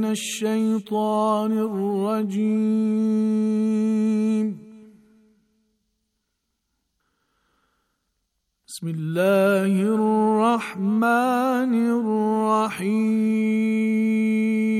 من الشيطان الرجيم بسم الله الرحمن الرحيم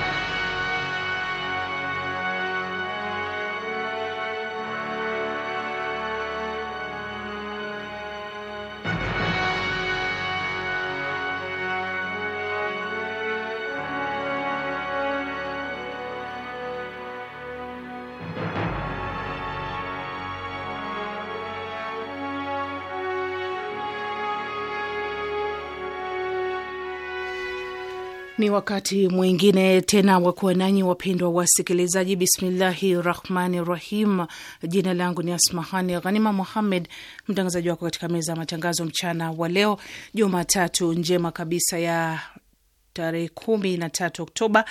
Ni wakati mwingine tena wa kuwa nanyi wapendwa wasikilizaji. Bismillahi rahmani rahim. Jina langu ni Asmahani Ghanima Muhammed, mtangazaji wako katika meza ya matangazo mchana wa leo Jumatatu njema kabisa ya tarehe kumi na tatu Oktoba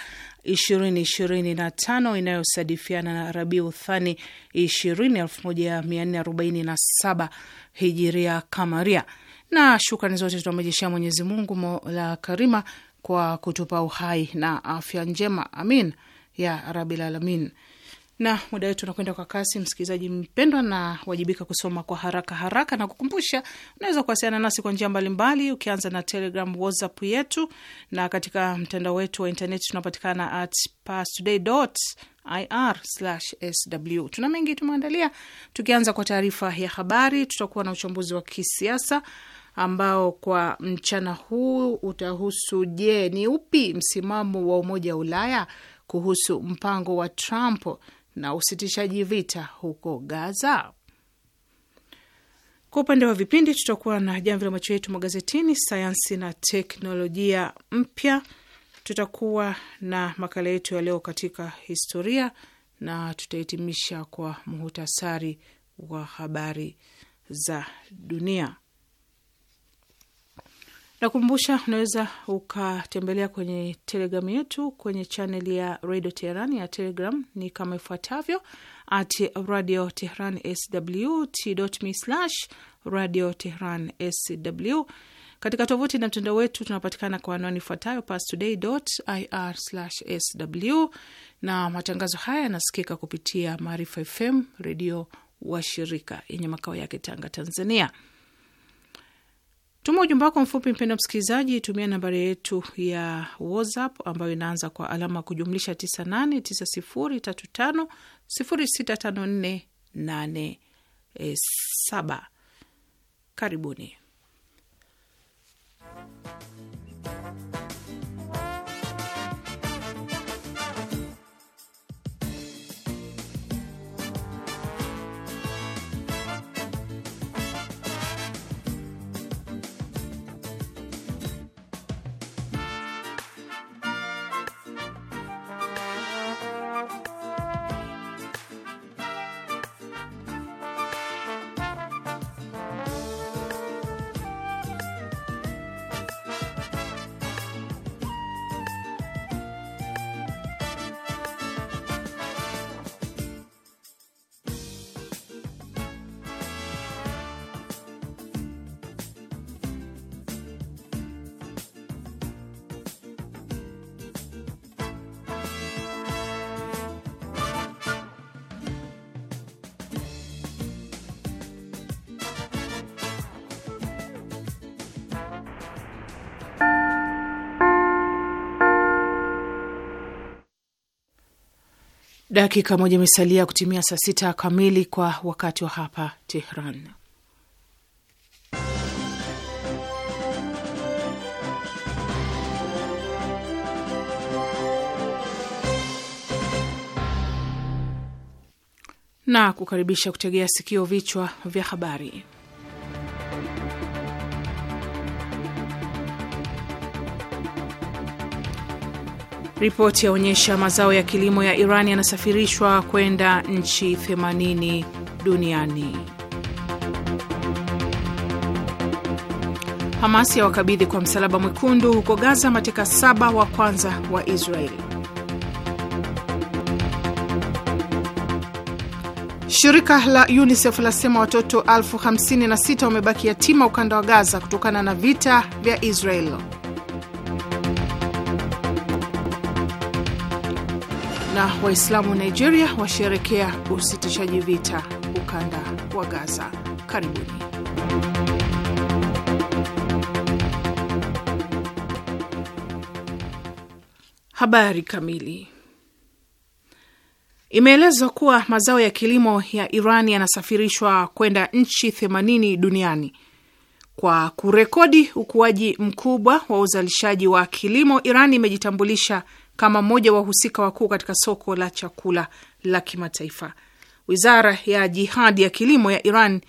ishirini ishirini na tano inayosadifiana na Rabiu Thani ishirini elfu moja mia nne arobaini na saba hijiria kamaria. Na shukrani zote tunamrejeshea Mwenyezi Mungu mola karima kwa kutupa uhai na afya njema, amin ya rabil alamin. Na muda wetu unakwenda kwa kasi, msikilizaji mpendwa, na wajibika kusoma kwa haraka haraka na kukumbusha, unaweza kuwasiliana nasi kwa njia mbalimbali, ukianza na Telegram, WhatsApp yetu na katika mtandao wetu wa intaneti tunapatikana at parstoday.ir/sw. Tuna mengi tumeandalia, tukianza kwa taarifa ya habari, tutakuwa na uchambuzi wa kisiasa ambao kwa mchana huu utahusu: je, ni upi msimamo wa Umoja wa Ulaya kuhusu mpango wa Trump na usitishaji vita huko Gaza? Kwa upande wa vipindi, tutakuwa na jamvi la macho yetu magazetini, sayansi na teknolojia mpya, tutakuwa na makala yetu ya leo katika historia, na tutahitimisha kwa muhtasari wa habari za dunia. Nakumbusha unaweza ukatembelea kwenye telegram yetu kwenye chaneli ya Radio Teheran ya Telegram ni kama ifuatavyo: at Radio Tehran sw t.me slash Radio Tehran sw. Katika tovuti na mtandao wetu tunapatikana kwa anwani ifuatayo pastoday.ir/sw, na matangazo haya yanasikika kupitia Maarifa FM redio wa shirika yenye makao yake Tanga, Tanzania. Tuma ujumbe wako mfupi, mpendo msikilizaji, tumia nambari yetu ya WhatsApp ambayo inaanza kwa alama kujumlisha 989035065487. E, Karibuni. Dakika moja imesalia kutimia saa sita kamili kwa wakati wa hapa Tehran. Na kukaribisha kutegea sikio vichwa vya habari. Ripoti yaonyesha mazao ya kilimo ya Iran yanasafirishwa kwenda nchi 80 duniani. Hamas ya wakabidhi kwa Msalaba Mwekundu huko Gaza mateka saba wa kwanza wa Israeli. Shirika la UNICEF lasema watoto elfu 56 wamebaki yatima ukanda wa Gaza kutokana na vita vya Israeli. na Waislamu Nigeria washerekea usitishaji vita ukanda wa Gaza. Karibuni. Habari kamili. Imeelezwa kuwa mazao ya kilimo ya Iran yanasafirishwa kwenda nchi 80 duniani kwa kurekodi ukuaji mkubwa wa uzalishaji wa kilimo. Iran imejitambulisha kama mmoja wa husika wakuu katika soko la chakula la kimataifa. Wizara ya Jihadi ya Kilimo ya Iran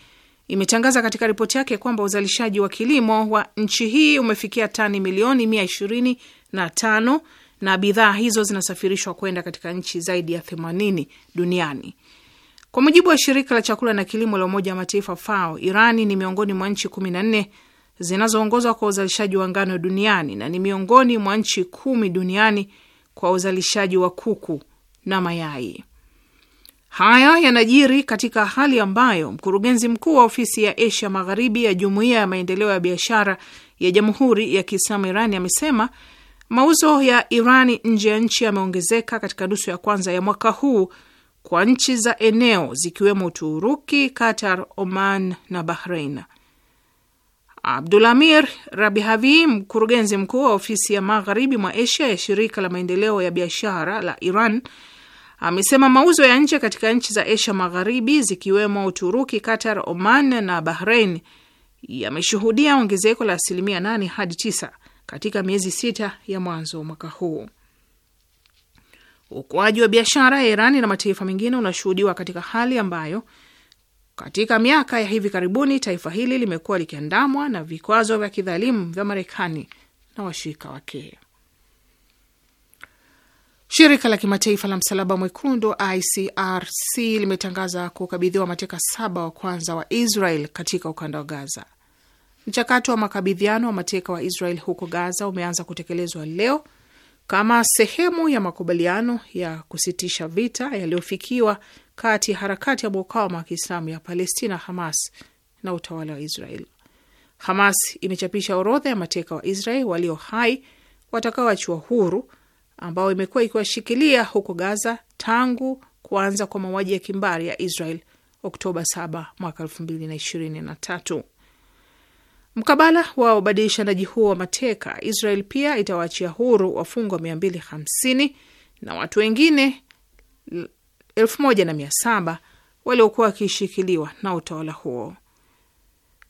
imetangaza katika ripoti yake kwamba uzalishaji wa kilimo wa nchi hii umefikia tani milioni mia ishirini na tano na bidhaa hizo zinasafirishwa kwenda katika nchi zaidi ya themanini duniani. Kwa mujibu wa shirika la chakula na kilimo la Umoja wa Mataifa FAO, Irani ni miongoni mwa nchi nne zinazoongozwa kwa uzalishaji wa ngano duniani na ni miongoni mwa nchi kumi duniani kwa uzalishaji wa kuku na mayai. Haya yanajiri katika hali ambayo mkurugenzi mkuu wa ofisi ya Asia Magharibi ya Jumuiya ya Maendeleo ya Biashara ya Jamhuri ya Kiislamu Irani amesema mauzo ya Irani nje ya nchi yameongezeka katika nusu ya kwanza ya mwaka huu kwa nchi za eneo zikiwemo Uturuki, Qatar, Oman na bahrein Abdulamir Rabihavi, mkurugenzi mkuu wa ofisi ya magharibi mwa Asia ya shirika la maendeleo ya biashara la Iran, amesema mauzo ya nje katika nchi za Asia magharibi zikiwemo Uturuki, Qatar, Oman na Bahrain yameshuhudia ongezeko la asilimia 8 hadi 9 katika miezi sita ya mwanzo wa mwaka huu. Ukuaji wa biashara ya Irani na mataifa mengine unashuhudiwa katika hali ambayo katika miaka ya hivi karibuni, taifa hili limekuwa likiandamwa na vikwazo vya kidhalimu vya Marekani na washirika wake. Shirika la kimataifa la msalaba mwekundu ICRC limetangaza kukabidhiwa mateka saba wa kwanza wa Israel katika ukanda wa Gaza. Mchakato wa makabidhiano wa mateka wa Israel huko Gaza umeanza kutekelezwa leo kama sehemu ya makubaliano ya kusitisha vita yaliyofikiwa kati ya harakati ya mukawama wa Kiislamu ya Palestina, Hamas, na utawala wa Israel. Hamas imechapisha orodha ya mateka wa Israel walio hai watakaoachiwa huru, ambao imekuwa ikiwashikilia huko Gaza tangu kuanza kwa mauaji ya kimbari ya Israel Oktoba 7 mwaka 2023. Mkabala wa ubadilishanaji huo wa mateka, Israel pia itawaachia huru wafungwa 250 na watu wengine elfu moja na mia saba waliokuwa wakishikiliwa na utawala huo.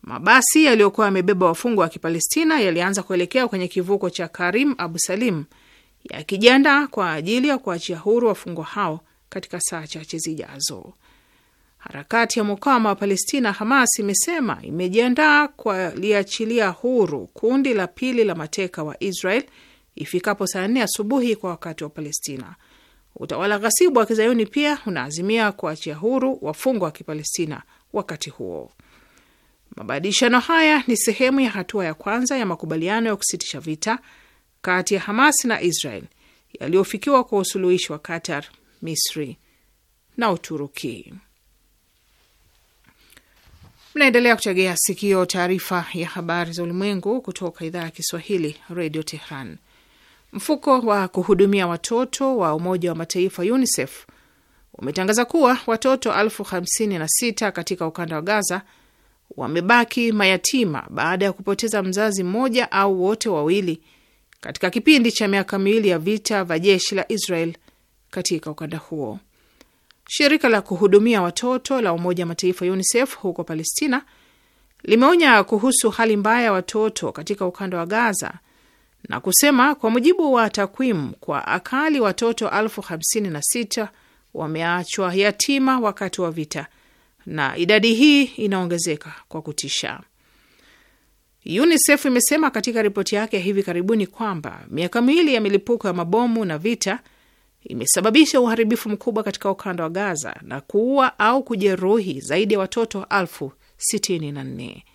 Mabasi yaliyokuwa yamebeba wafungwa wa Kipalestina yalianza kuelekea kwenye kivuko cha Karim Abu Salim yakijiandaa kwa ajili ya kuachia huru wafungwa hao katika saa chache zijazo. Harakati ya mukawama wa Palestina Hamas imesema imejiandaa kuliachilia huru kundi la pili la mateka wa Israel ifikapo saa nne asubuhi kwa wakati wa Palestina. Utawala ghasibu wa kizayuni pia unaazimia kuachia huru wafungwa wa Kipalestina. Wakati huo mabadilishano haya ni sehemu ya hatua ya kwanza ya makubaliano ya kusitisha vita kati ya Hamas na Israel yaliyofikiwa kwa usuluhishi wa Qatar, Misri na Uturuki. Mnaendelea kuchegea sikio taarifa ya habari za ulimwengu kutoka idhaa ya Kiswahili, Radio Tehran. Mfuko wa kuhudumia watoto wa Umoja wa Mataifa UNICEF umetangaza kuwa watoto elfu hamsini na sita katika ukanda wa Gaza wamebaki mayatima baada ya kupoteza mzazi mmoja au wote wawili katika kipindi cha miaka miwili ya vita vya jeshi la Israel katika ukanda huo. Shirika la kuhudumia watoto la Umoja wa Mataifa UNICEF huko Palestina limeonya kuhusu hali mbaya ya watoto katika ukanda wa Gaza na kusema kwa mujibu wa takwimu, kwa akali watoto elfu hamsini na sita wameachwa yatima wakati wa vita na idadi hii inaongezeka kwa kutisha. UNICEF imesema katika ripoti yake ya hivi karibuni kwamba miaka miwili ya milipuko ya mabomu na vita imesababisha uharibifu mkubwa katika ukanda wa Gaza na kuua au kujeruhi zaidi ya watoto elfu sitini na nne.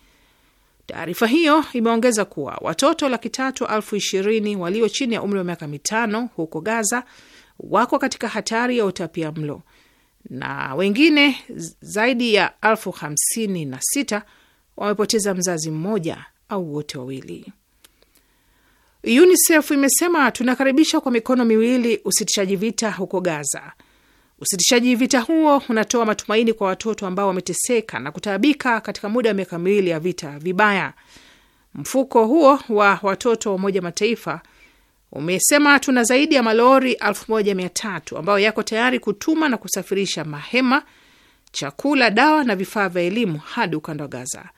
Taarifa hiyo imeongeza kuwa watoto laki tatu elfu ishirini walio chini ya umri wa miaka mitano huko Gaza wako katika hatari ya utapia mlo na wengine zaidi ya elfu hamsini na sita wamepoteza mzazi mmoja au wote wawili. UNICEF imesema tunakaribisha kwa mikono miwili usitishaji vita huko Gaza Usitishaji vita huo unatoa matumaini kwa watoto ambao wameteseka na kutaabika katika muda wa miaka miwili ya vita vibaya. Mfuko huo wa watoto wa Umoja Mataifa umesema tuna zaidi ya malori tatu ambayo yako tayari kutuma na kusafirisha mahema, chakula, dawa na vifaa vya elimu hadi ukanda wa Gaza.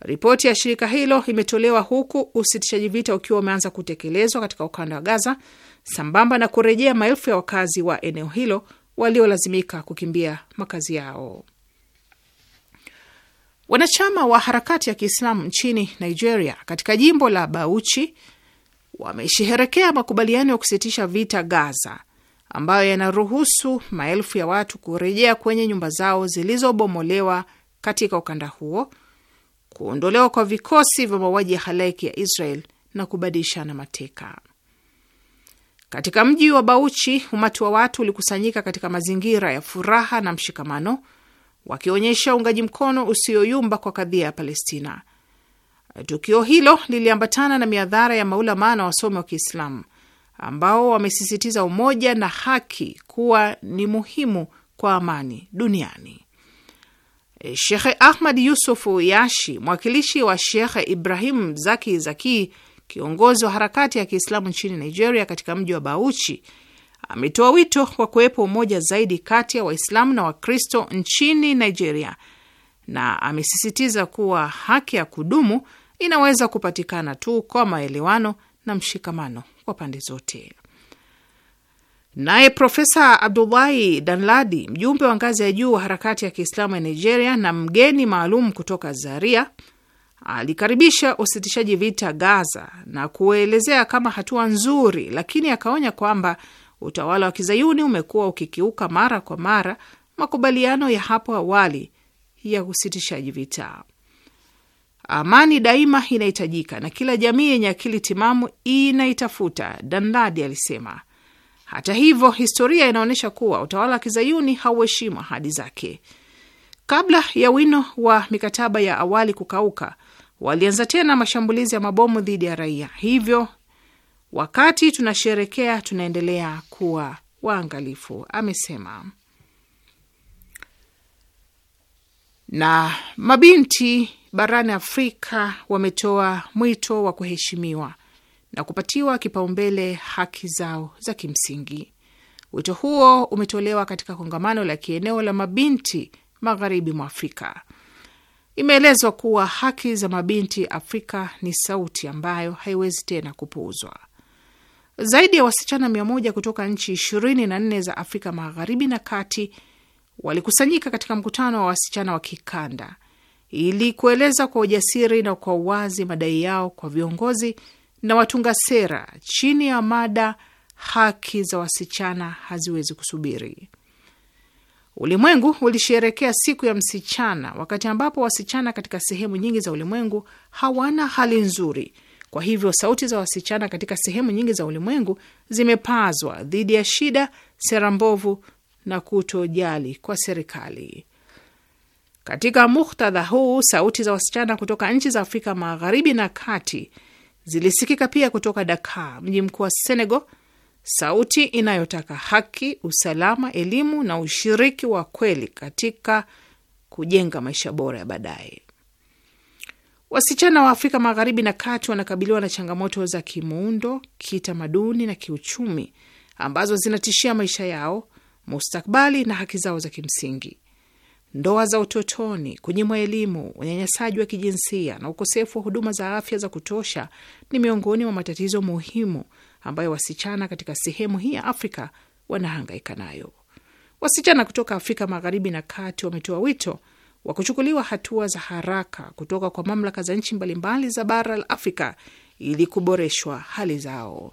Ripoti ya shirika hilo imetolewa huku usitishaji vita ukiwa umeanza kutekelezwa katika ukanda wa Gaza, sambamba na kurejea maelfu ya wakazi wa eneo hilo waliolazimika kukimbia makazi yao. Wanachama wa harakati ya Kiislamu nchini Nigeria katika jimbo la Bauchi wamesheherekea makubaliano ya kusitisha vita Gaza ambayo yanaruhusu maelfu ya watu kurejea kwenye nyumba zao zilizobomolewa katika ukanda huo, kuondolewa kwa vikosi vya mauaji ya halaiki ya Israel na kubadilishana mateka. Katika mji wa Bauchi, umati wa watu ulikusanyika katika mazingira ya furaha na mshikamano, wakionyesha uungaji mkono usioyumba kwa kadhia ya Palestina. Tukio hilo liliambatana na miadhara ya maulamaa na wasomi wa Kiislamu ambao wamesisitiza umoja na haki kuwa ni muhimu kwa amani duniani. Shekhe Ahmad Yusufu Yashi, mwakilishi wa Shekhe Ibrahim Zaki zakii kiongozi wa harakati ya Kiislamu nchini Nigeria katika mji wa Bauchi ametoa wito wa kuwepo umoja zaidi kati ya Waislamu na Wakristo nchini Nigeria, na amesisitiza kuwa haki ya kudumu inaweza kupatikana tu kwa maelewano na mshikamano kwa pande zote. Naye Profesa Abdullahi Danladi, mjumbe wa ngazi ya juu wa harakati ya Kiislamu ya Nigeria na mgeni maalum kutoka Zaria, alikaribisha usitishaji vita Gaza na kuelezea kama hatua nzuri, lakini akaonya kwamba utawala wa kizayuni umekuwa ukikiuka mara kwa mara makubaliano ya hapo awali ya usitishaji vita. Amani daima inahitajika na kila jamii yenye akili timamu inaitafuta, Danladi alisema. Hata hivyo, historia inaonyesha kuwa utawala wa kizayuni hauheshimu ahadi zake. Kabla ya wino wa mikataba ya awali kukauka, walianza tena mashambulizi ya mabomu dhidi ya raia. Hivyo wakati tunasherekea, tunaendelea kuwa waangalifu, amesema. Na mabinti barani Afrika wametoa mwito wa kuheshimiwa na kupatiwa kipaumbele haki zao za kimsingi. Wito huo umetolewa katika kongamano la kieneo la mabinti magharibi mwa Afrika. Imeelezwa kuwa haki za mabinti Afrika ni sauti ambayo haiwezi tena kupuuzwa. Zaidi ya wasichana mia moja kutoka nchi ishirini na nne za Afrika magharibi na kati walikusanyika katika mkutano wa wasichana wa kikanda ili kueleza kwa ujasiri na kwa uwazi madai yao kwa viongozi na watunga sera chini ya mada haki za wasichana haziwezi kusubiri. Ulimwengu ulisherekea siku ya msichana, wakati ambapo wasichana katika sehemu nyingi za ulimwengu hawana hali nzuri. Kwa hivyo sauti za wasichana katika sehemu nyingi za ulimwengu zimepazwa dhidi ya shida, sera mbovu na kutojali kwa serikali. Katika muktadha huu, sauti za wasichana kutoka nchi za Afrika magharibi na kati zilisikika pia kutoka Dakar, mji mkuu wa Senegal, sauti inayotaka haki, usalama, elimu na ushiriki wa kweli katika kujenga maisha bora ya baadaye. Wasichana wa Afrika Magharibi na Kati wanakabiliwa na changamoto za kimuundo, kitamaduni na kiuchumi ambazo zinatishia maisha yao, mustakbali na haki zao za kimsingi. Ndoa za utotoni, kunyimwa elimu, unyanyasaji wa kijinsia na ukosefu wa huduma za afya za kutosha ni miongoni mwa matatizo muhimu ambayo wasichana katika sehemu hii ya Afrika wanahangaika nayo. Wasichana kutoka Afrika magharibi na kati wametoa wito wa kuchukuliwa hatua za haraka kutoka kwa mamlaka za nchi mbalimbali za bara la Afrika ili kuboreshwa hali zao.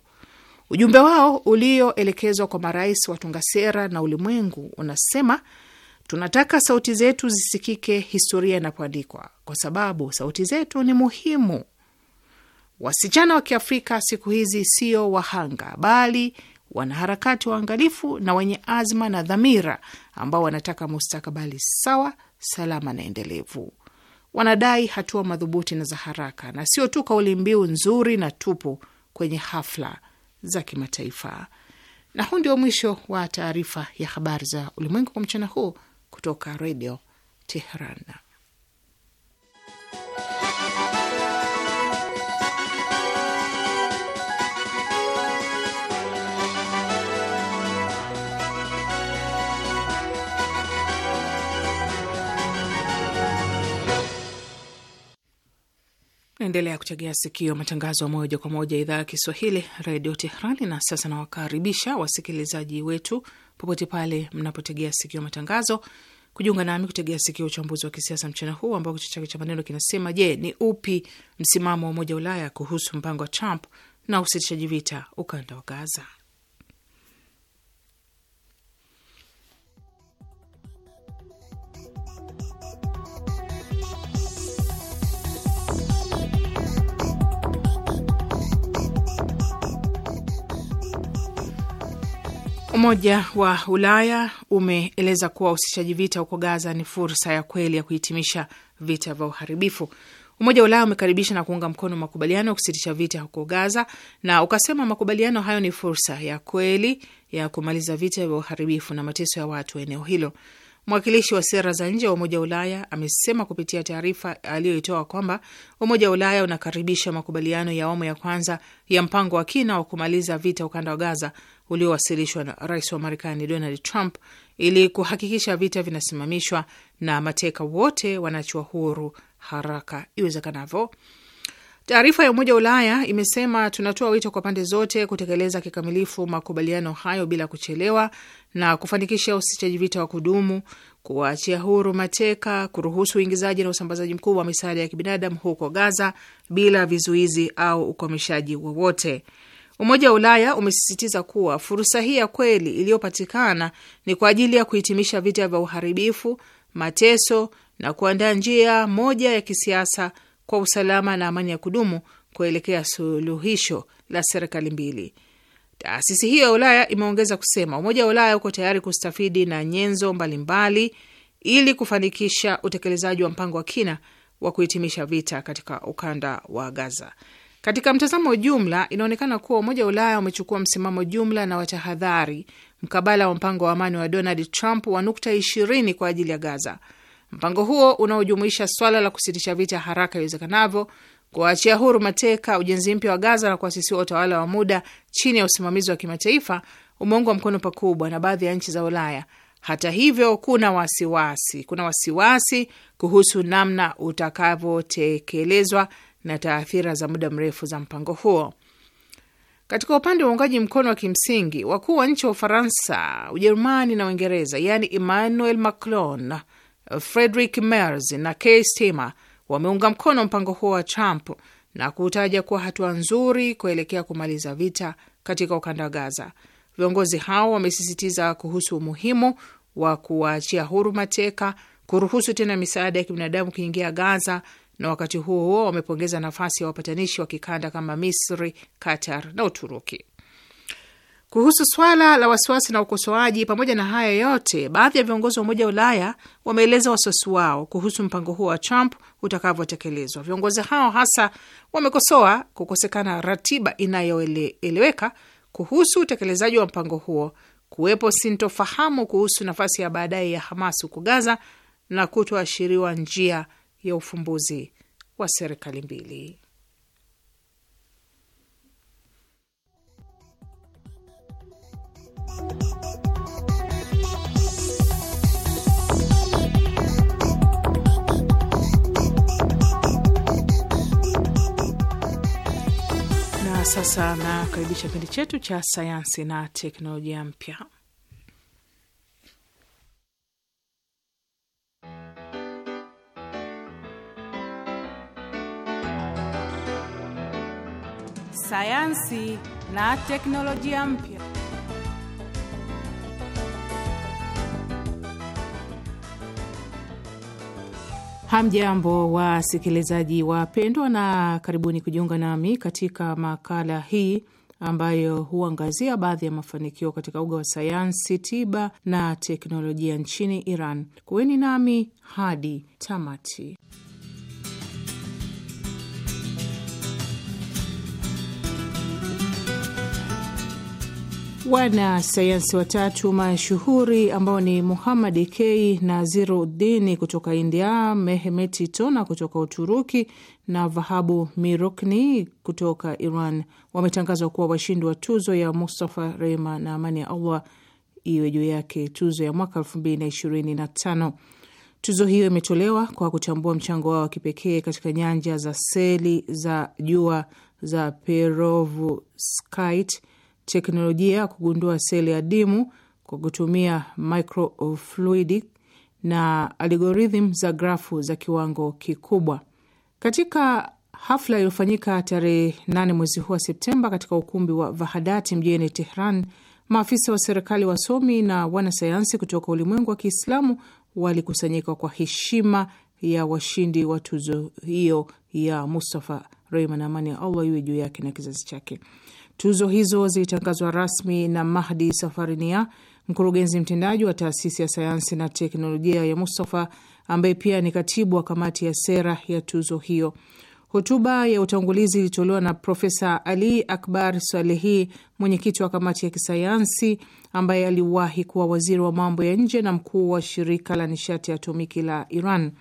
Ujumbe wao ulioelekezwa kwa marais, watunga sera na ulimwengu unasema tunataka sauti zetu zisikike historia inapoandikwa, kwa sababu sauti zetu ni muhimu Wasichana wa Kiafrika siku hizi sio wahanga, bali wanaharakati waangalifu na wenye azma na dhamira ambao wanataka mustakabali sawa, salama na endelevu. Wanadai hatua madhubuti na za haraka, na sio tu kauli mbiu nzuri na tupu kwenye hafla za kimataifa. Na huu ndio mwisho wa taarifa ya habari za ulimwengu kwa mchana huu kutoka Redio Teheran. Naendelea kutegea sikio matangazo ya moja kwa moja idhaa ya Kiswahili redio Tehrani. Na sasa nawakaribisha wasikilizaji wetu popote pale mnapotegea sikio matangazo kujiunga nami kutegea sikio uchambuzi wa kisiasa mchana huu ambao kichwa chake cha maneno kinasema: Je, ni upi msimamo wa Umoja wa Ulaya kuhusu mpango wa Trump na usitishaji vita ukanda wa Gaza? Umoja wa Ulaya umeeleza kuwa usitishaji vita huko Gaza ni fursa ya kweli ya kuhitimisha vita vya uharibifu. Umoja wa Ulaya umekaribisha na kuunga mkono makubaliano ya kusitisha vita huko Gaza na ukasema makubaliano hayo ni fursa ya kweli ya kumaliza vita vya uharibifu na mateso ya watu wa eneo hilo. Mwakilishi wa sera za nje wa Umoja wa Ulaya amesema kupitia taarifa aliyoitoa kwamba Umoja wa Ulaya unakaribisha makubaliano ya awamu ya kwanza ya mpango wa kina wa kumaliza vita ukanda wa Gaza uliowasilishwa na rais wa Marekani Donald Trump ili kuhakikisha vita vinasimamishwa na mateka wote wanaachiwa huru haraka iwezekanavyo. Taarifa ya Umoja wa Ulaya imesema tunatoa wito kwa pande zote kutekeleza kikamilifu makubaliano hayo bila kuchelewa na kufanikisha usitishaji vita wa kudumu, kuwaachia huru mateka, kuruhusu uingizaji na usambazaji mkuu wa misaada ya kibinadamu huko Gaza bila vizuizi au ukomeshaji wowote. Umoja wa Ulaya umesisitiza kuwa fursa hii ya kweli iliyopatikana ni kwa ajili ya kuhitimisha vita vya uharibifu, mateso na kuandaa njia moja ya kisiasa kwa usalama na amani ya kudumu kuelekea suluhisho la serikali mbili. Taasisi hiyo ya Ulaya imeongeza kusema Umoja wa Ulaya uko tayari kustafidi na nyenzo mbalimbali ili kufanikisha utekelezaji wa mpango wa kina wa kuhitimisha vita katika ukanda wa Gaza. Katika mtazamo jumla, inaonekana kuwa Umoja wa Ulaya umechukua msimamo jumla na watahadhari mkabala wa mpango wa amani wa Donald Trump wa nukta ishirini kwa ajili ya Gaza. Mpango huo unaojumuisha swala la kusitisha vita haraka iwezekanavyo, kuwaachia huru mateka, ujenzi mpya wa Gaza na kuasisiwa utawala wa muda chini ya usimamizi wa kimataifa umeungwa mkono pakubwa na baadhi ya nchi za Ulaya. Hata hivyo, kuna wasiwasi, kuna wasiwasi kuhusu namna utakavyotekelezwa na taathira za muda mrefu za mpango huo. Katika upande wa uungaji mkono wa kimsingi, wakuu wa nchi wa Ufaransa, Ujerumani na Uingereza, yaani Emmanuel Macron, Friedrich Merz na Keir Starmer wameunga mkono mpango huo wa Trump na kuutaja kuwa hatua nzuri kuelekea kumaliza vita katika ukanda wa Gaza. Viongozi hao wamesisitiza kuhusu umuhimu wa kuwaachia huru mateka, kuruhusu tena misaada ya kibinadamu kuingia Gaza, na wakati huo huo wamepongeza nafasi ya wapatanishi wa kikanda kama Misri, Qatar na Uturuki. Kuhusu swala la wasiwasi na ukosoaji, pamoja na hayo yote, baadhi ya viongozi wa Umoja wa Ulaya wameeleza wasiwasi wao kuhusu mpango huo wa Trump utakavyotekelezwa. Viongozi hao hasa wamekosoa kukosekana ratiba inayoeleweka kuhusu utekelezaji wa mpango huo, kuwepo sintofahamu kuhusu nafasi ya baadaye ya Hamas huko Gaza na kutoashiriwa njia ya ufumbuzi wa serikali mbili. Na sasa nakaribisha kipindi chetu cha sayansi na teknolojia mpya. Sayansi na teknolojia mpya. Hamjambo, wasikilizaji wapendwa, na karibuni kujiunga nami katika makala hii ambayo huangazia baadhi ya mafanikio katika uga wa sayansi, tiba na teknolojia nchini Iran. Kuweni nami hadi tamati. Wanasayansi watatu mashuhuri ambao ni Muhamadi K Nazirudini kutoka India, Mehemeti Tona kutoka Uturuki na Vahabu Mirukni kutoka Iran wametangazwa kuwa washindi wa tuzo ya Mustafa, rehma na amani ya Allah iwe juu yake, tuzo ya mwaka tano Tuzo hiyo imetolewa kwa kutambua mchango wao wa kipekee katika nyanja za seli za jua za perovskite teknolojia ya kugundua seli adimu kwa kutumia microfluidic na algorithm za grafu za kiwango kikubwa. Katika hafla iliyofanyika tarehe 8 mwezi huu wa Septemba katika ukumbi wa Vahadati mjini Tehran, maafisa wa serikali, wasomi na wanasayansi kutoka ulimwengu wa Kiislamu walikusanyika kwa heshima ya washindi wa tuzo hiyo ya Mustafa Rehman, amani ya Allah iwe juu yake na kizazi chake. Tuzo hizo zilitangazwa rasmi na Mahdi Safarinia, mkurugenzi mtendaji wa taasisi ya sayansi na teknolojia ya Mustafa, ambaye pia ni katibu wa kamati ya sera ya tuzo hiyo. Hotuba ya utangulizi ilitolewa na Profesa Ali Akbar Salehi, mwenyekiti wa kamati ya kisayansi ambaye aliwahi kuwa waziri wa mambo ya nje na mkuu wa shirika la nishati ya atomiki la Iran.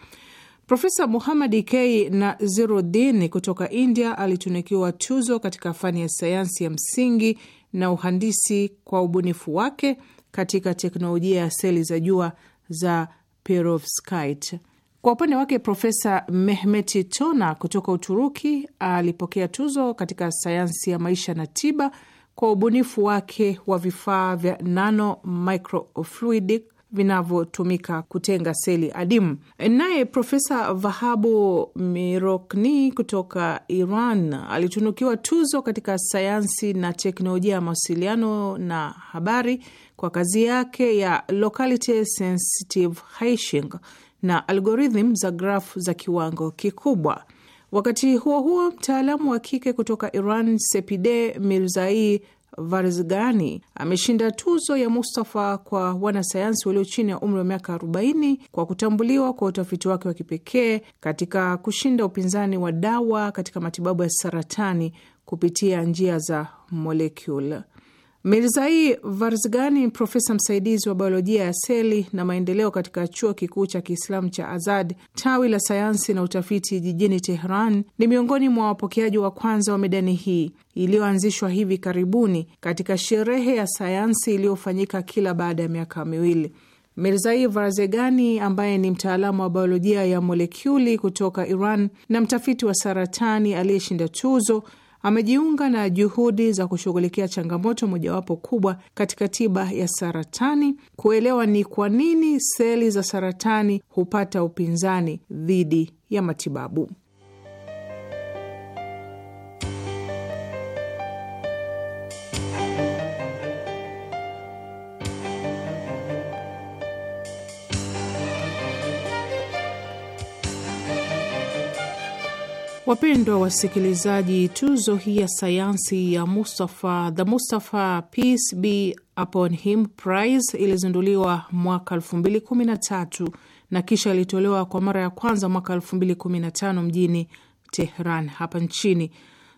Profesa Muhamadi K Zerodin kutoka India alitunikiwa tuzo katika fani ya sayansi ya msingi na uhandisi kwa ubunifu wake katika teknolojia ya seli za jua za perovskite. Kwa upande wake, Profesa Mehmeti Tona kutoka Uturuki alipokea tuzo katika sayansi ya maisha na tiba kwa ubunifu wake wa vifaa vya nano microfluidic vinavyotumika kutenga seli adimu. Naye Profesa Vahabu Mirokni kutoka Iran alitunukiwa tuzo katika sayansi na teknolojia ya mawasiliano na habari kwa kazi yake ya locality sensitive hashing na algorithm za grafu za kiwango kikubwa. Wakati huo huo, mtaalamu wa kike kutoka Iran Sepide Mirzai Varzgani ameshinda tuzo ya Mustafa kwa wanasayansi walio chini ya umri wa miaka 40 kwa kutambuliwa kwa utafiti wake wa kipekee katika kushinda upinzani wa dawa katika matibabu ya saratani kupitia njia za molekule Mirzai Varzegani, profesa msaidizi wa biolojia ya seli na maendeleo katika chuo kikuu cha Kiislamu cha Azad, tawi la sayansi na utafiti jijini Tehran, ni miongoni mwa wapokeaji wa kwanza wa medani hii iliyoanzishwa hivi karibuni katika sherehe ya sayansi iliyofanyika kila baada ya miaka miwili. Mirzai Varzegani ambaye ni mtaalamu wa biolojia ya molekuli kutoka Iran na mtafiti wa saratani aliyeshinda tuzo amejiunga na juhudi za kushughulikia changamoto mojawapo kubwa katika tiba ya saratani, kuelewa ni kwa nini seli za saratani hupata upinzani dhidi ya matibabu. Wapendwa wasikilizaji, tuzo hii ya sayansi ya Mustafa, the Mustafa Peace Be Upon Him Prize ilizinduliwa mwaka 2013 na kisha ilitolewa kwa mara ya kwanza mwaka 2015 mjini Tehran hapa nchini.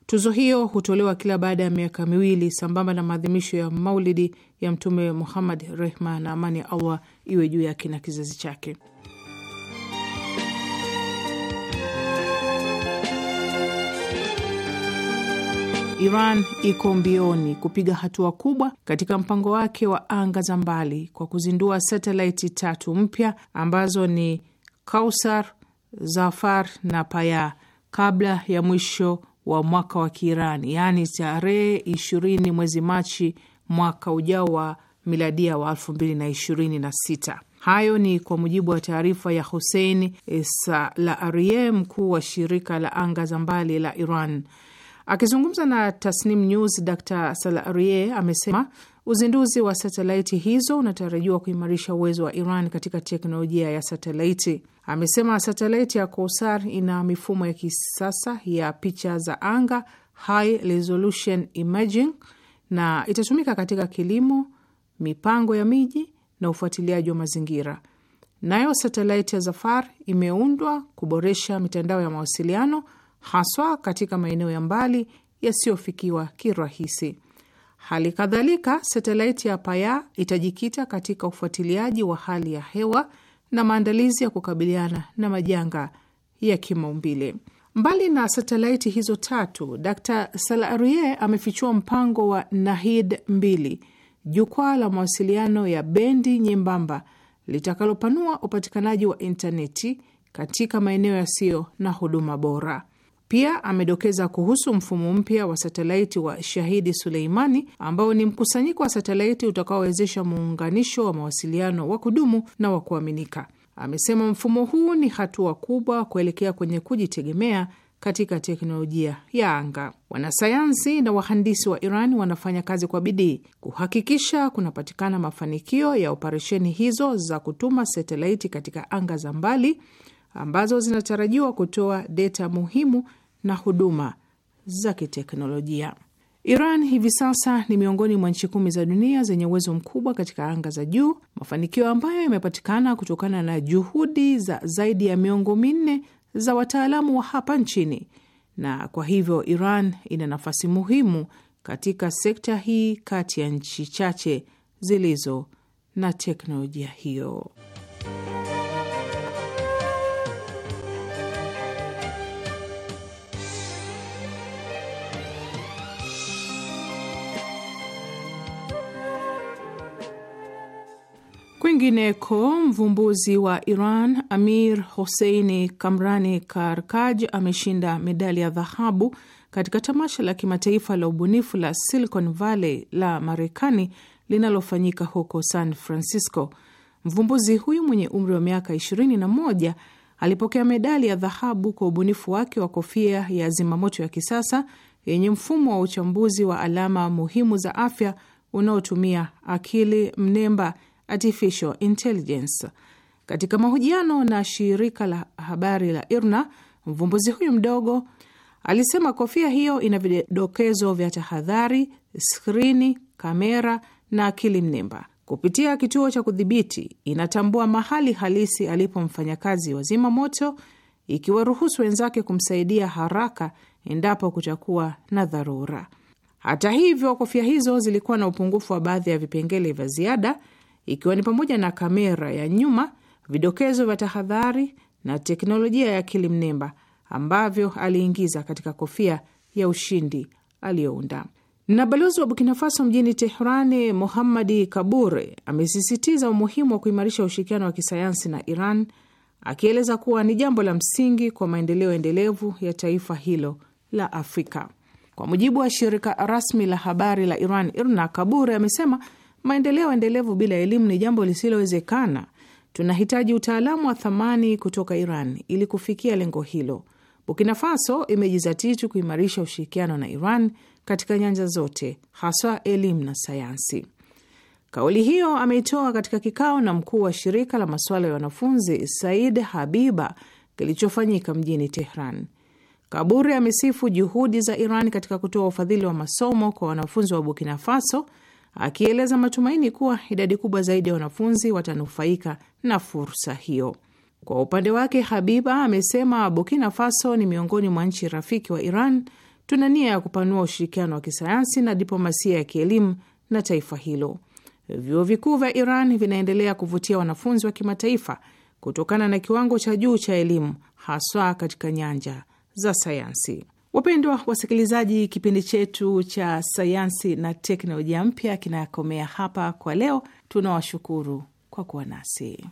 Tuzo hiyo hutolewa kila baada ya miaka miwili sambamba na maadhimisho ya maulidi ya Mtume Muhammad, rehma na amani ya Allah iwe juu yake na kizazi chake. Iran iko mbioni kupiga hatua kubwa katika mpango wake wa anga za mbali kwa kuzindua satelaiti tatu mpya ambazo ni Kausar, Zafar na Paya kabla ya mwisho wa mwaka wa Kiirani, yaani tarehe ishirini mwezi Machi mwaka ujao wa miladia wa sita. Hayo ni kwa mujibu wa taarifa ya Hussein Salaarie, mkuu wa shirika la anga za mbali la Iran. Akizungumza na Tasnim News, Dr Salarie amesema uzinduzi wa satelaiti hizo unatarajiwa kuimarisha uwezo wa Iran katika teknolojia ya satelaiti. Amesema satelaiti ya Kousar ina mifumo ya kisasa ya picha za anga, high resolution imaging, na itatumika katika kilimo, mipango ya miji na ufuatiliaji wa mazingira. Nayo satelaiti ya Zafar imeundwa kuboresha mitandao ya mawasiliano haswa katika maeneo ya mbali yasiyofikiwa kirahisi. Hali kadhalika, satelaiti ya Paya itajikita katika ufuatiliaji wa hali ya hewa na maandalizi ya kukabiliana na majanga ya kimaumbile. Mbali na satelaiti hizo tatu, Dr Salarie amefichua mpango wa Nahid mbili, jukwaa la mawasiliano ya bendi nyembamba litakalopanua upatikanaji wa intaneti katika maeneo yasiyo na huduma bora. Pia amedokeza kuhusu mfumo mpya wa satelaiti wa Shahidi Suleimani ambao ni mkusanyiko wa satelaiti utakaowezesha muunganisho wa mawasiliano wa kudumu na wa kuaminika. Amesema mfumo huu ni hatua kubwa kuelekea kwenye kujitegemea katika teknolojia ya anga. Wanasayansi na wahandisi wa Iran wanafanya kazi kwa bidii kuhakikisha kunapatikana mafanikio ya operesheni hizo za kutuma satelaiti katika anga za mbali ambazo zinatarajiwa kutoa deta muhimu na huduma za kiteknolojia. Iran hivi sasa ni miongoni mwa nchi kumi za dunia zenye uwezo mkubwa katika anga za juu, mafanikio ambayo yamepatikana kutokana na juhudi za zaidi ya miongo minne za wataalamu wa hapa nchini, na kwa hivyo Iran ina nafasi muhimu katika sekta hii kati ya nchi chache zilizo na teknolojia hiyo. Kwingineko, mvumbuzi wa Iran Amir Hoseini Kamrani Karkaj ameshinda medali ya dhahabu katika tamasha la kimataifa la ubunifu la Silicon Valley la Marekani linalofanyika huko San Francisco. Mvumbuzi huyu mwenye umri wa miaka 21 alipokea medali ya dhahabu kwa ubunifu wake wa kofia ya zimamoto ya kisasa yenye mfumo wa uchambuzi wa alama muhimu za afya unaotumia akili mnemba artificial intelligence. Katika mahojiano na shirika la habari la IRNA, mvumbuzi huyu mdogo alisema kofia hiyo ina vidokezo vya tahadhari, skrini, kamera na akili mnemba. Kupitia kituo cha kudhibiti, inatambua mahali halisi alipo mfanyakazi wa zima moto, ikiwaruhusu wenzake kumsaidia haraka endapo kutakuwa na dharura. Hata hivyo, kofia hizo zilikuwa na upungufu wa baadhi ya vipengele vya ziada ikiwa ni pamoja na kamera ya nyuma, vidokezo vya tahadhari na teknolojia ya akili mnemba ambavyo aliingiza katika kofia ya ushindi aliyounda. Na balozi wa Burkina Faso mjini tehrani muhammadi Kabure, amesisitiza umuhimu wa kuimarisha ushirikiano wa kisayansi na Iran, akieleza kuwa ni jambo la msingi kwa maendeleo endelevu ya taifa hilo la Afrika. Kwa mujibu wa shirika rasmi la habari la Iran IRNA, Kabure amesema Maendeleo endelevu bila elimu ni jambo lisilowezekana. Tunahitaji utaalamu wa thamani kutoka Iran ili kufikia lengo hilo. Burkina Faso imejizatiti kuimarisha ushirikiano na Iran katika nyanja zote, haswa elimu na sayansi. Kauli hiyo ameitoa katika kikao na mkuu wa shirika la masuala ya wanafunzi Said Habiba kilichofanyika mjini Tehran. Kaburi amesifu juhudi za Iran katika kutoa ufadhili wa masomo kwa wanafunzi wa Burkina Faso akieleza matumaini kuwa idadi kubwa zaidi ya wanafunzi watanufaika na fursa hiyo. Kwa upande wake, Habiba amesema Burkina Faso ni miongoni mwa nchi rafiki wa Iran. Tuna nia ya kupanua ushirikiano wa kisayansi na diplomasia ya kielimu na taifa hilo. Vyuo vikuu vya Iran vinaendelea kuvutia wanafunzi wa kimataifa kutokana na kiwango cha juu cha elimu, haswa katika nyanja za sayansi. Wapendwa wasikilizaji, kipindi chetu cha sayansi na teknolojia mpya kinakomea hapa kwa leo. Tunawashukuru kwa kuwa nasi.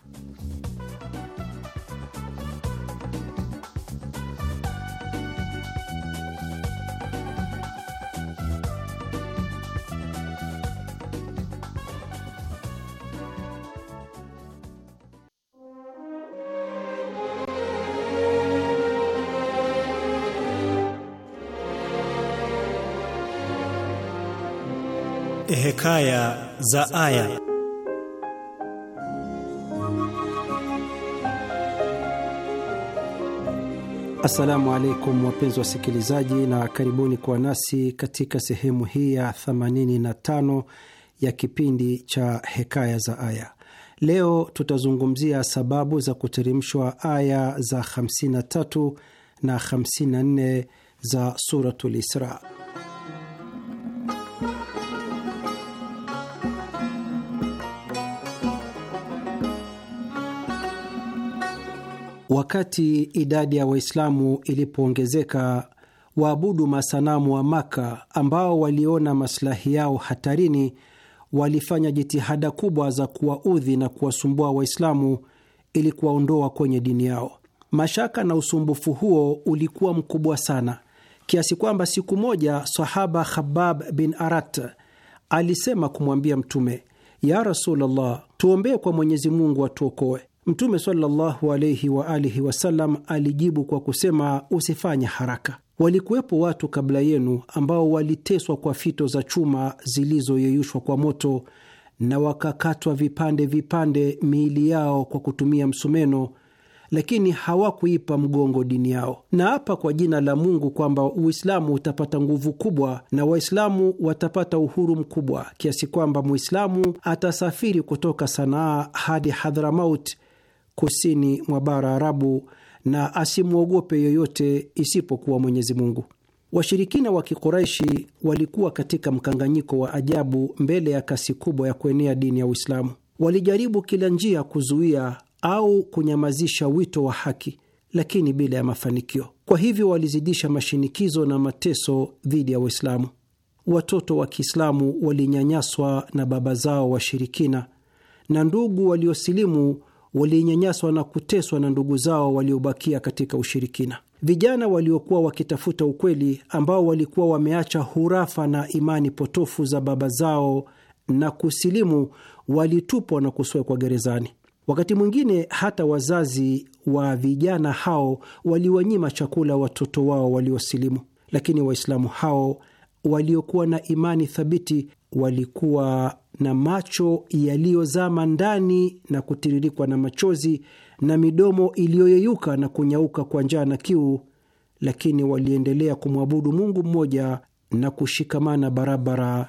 Hekaya za Aya. Assalamu alaikum wapenzi wasikilizaji, na karibuni kwa nasi katika sehemu hii ya 85 ya kipindi cha Hekaya za Aya. Leo tutazungumzia sababu za kuteremshwa aya za 53 na 54 za Suratul Isra. wakati idadi ya Waislamu ilipoongezeka, waabudu masanamu wa Maka ambao waliona maslahi yao hatarini, walifanya jitihada kubwa za kuwaudhi na kuwasumbua Waislamu ili kuwaondoa kwenye dini yao. Mashaka na usumbufu huo ulikuwa mkubwa sana kiasi kwamba siku moja sahaba Khabab bin Arat alisema kumwambia Mtume, ya Rasulullah, tuombee kwa Mwenyezi Mungu atuokoe. Mtume sallallahu alayhi wa alihi wasallam alijibu kwa kusema, usifanye haraka. Walikuwepo watu kabla yenu ambao waliteswa kwa fito za chuma zilizoyeyushwa kwa moto na wakakatwa vipande vipande miili yao kwa kutumia msumeno, lakini hawakuipa mgongo dini yao. Na hapa kwa jina la Mungu kwamba Uislamu utapata nguvu kubwa na Waislamu watapata uhuru mkubwa kiasi kwamba Muislamu atasafiri kutoka Sanaa hadi Hadhramaut kusini mwa bara Arabu na asimwogope yoyote isipokuwa Mwenyezi Mungu. Washirikina wa Kikuraishi walikuwa katika mkanganyiko wa ajabu mbele ya kasi kubwa ya kuenea dini ya Uislamu. Walijaribu kila njia kuzuia au kunyamazisha wito wa haki, lakini bila ya mafanikio. Kwa hivyo walizidisha mashinikizo na mateso dhidi ya Waislamu. Watoto wa Kiislamu walinyanyaswa na baba zao washirikina, na ndugu waliosilimu walinyanyaswa na kuteswa na ndugu zao waliobakia katika ushirikina. Vijana waliokuwa wakitafuta ukweli, ambao walikuwa wameacha hurafa na imani potofu za baba zao na kusilimu, walitupwa na kuswekwa gerezani. Wakati mwingine hata wazazi wa vijana hao waliwanyima chakula watoto wao waliosilimu, lakini Waislamu hao waliokuwa na imani thabiti walikuwa na macho yaliyozama ndani na kutiririkwa na machozi na midomo iliyoyeyuka na kunyauka kwa njaa na kiu, lakini waliendelea kumwabudu Mungu mmoja na kushikamana barabara